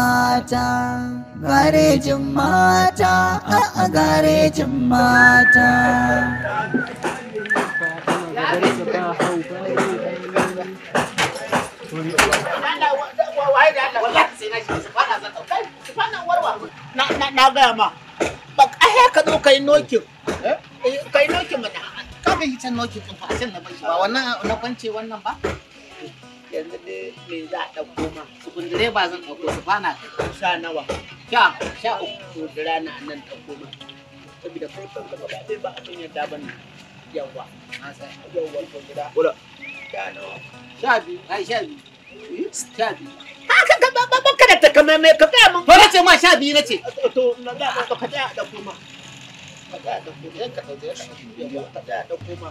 mata garejin mata a garejin mata na gaya ma ba ƙahe ka zo ka yi nokin eh, ka yi nokin mana ka ga yi can nokin ɗin fa a can na bai ba wannan na kwance wannan ba yanzu dai me za a ɗauko ma. Tukun direba zan ɗauko su fana kai. Sha nawa. Sha sha uku da rana nan ɗauko ma. Saboda kai gaba ba zai ba abin yadda ba Yawwa. Na sai. Yawwa to gida. Kula. Sha nawa. Sha biyu. Ai sha biyu. Hmm? Sha biyu. Haka ka ba ba ka da takamaimai ka gaya mun To ce ma sha biyu na ce. To na za a ɗauka ta ɗauko ma. Ka ta ɗauko ma. Ka ɗauko ma.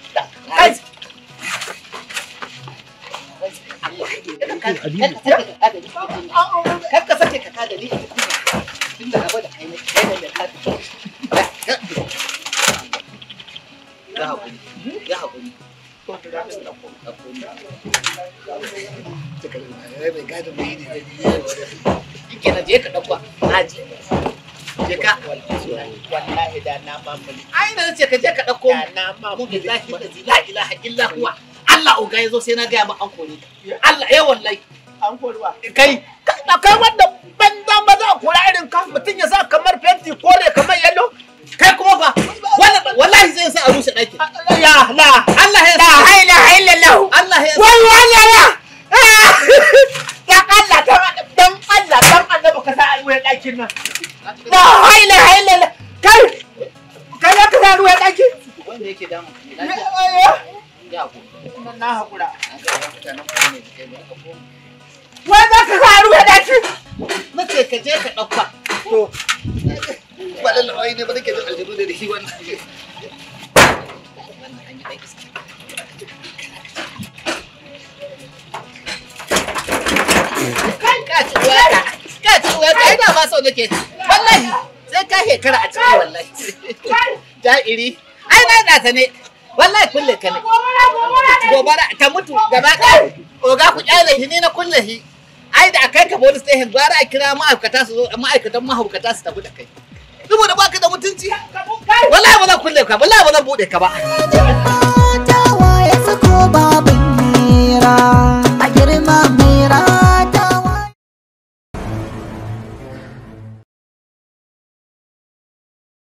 aliyu kar ka sake ka kada ni tunda abu da kai ne kai ne da ya hakuri ya hakuri Ike na ka na je. ka. Wallahi da na mamuli. da na Da na mamuli. Billahi la Allah uga ya zo sai na gaya ma an kore ka. Allah ya eh wallahi. An kore wa. Kai. Na kai ban banza ba za a kora irin ka mutum ya sa kamar fenti kore kamar yalo. Kai kuma fa wallahi zai sa a rushe ɗaki. Ya la. Allah ya sa. La haila haila lahu. Allah ya sa. Wai ya. la. Dan Allah dan Allah dan Allah baka sa a wurin ɗakin nan. La haila haila la. Kai. Kai ya ka sa ruwan ɗaki. Wanda yake damu. na haƙura. Wai za ka faru ya dace? ka je ka ɗauka. To. Ba lallawai ne ba nake da aljihu da shi wannan. yi ka ci wata. Ka ci wata ina ba sau nake ci. Wallahi sai ka shekara a cikin wallahi. Ja'iri. Ai na ta ne. wallahi kulle ka ne gobara ta mutu gaba ɗaya oga ku kyale shi na kulle shi ai da akai ka police station gwara a kira ma'aikata su zo ma'aikatan mahaukata su tafi da kai saboda ka da mutunci wallahi ba zan kulle ka wallahi ba zan buɗe ka ba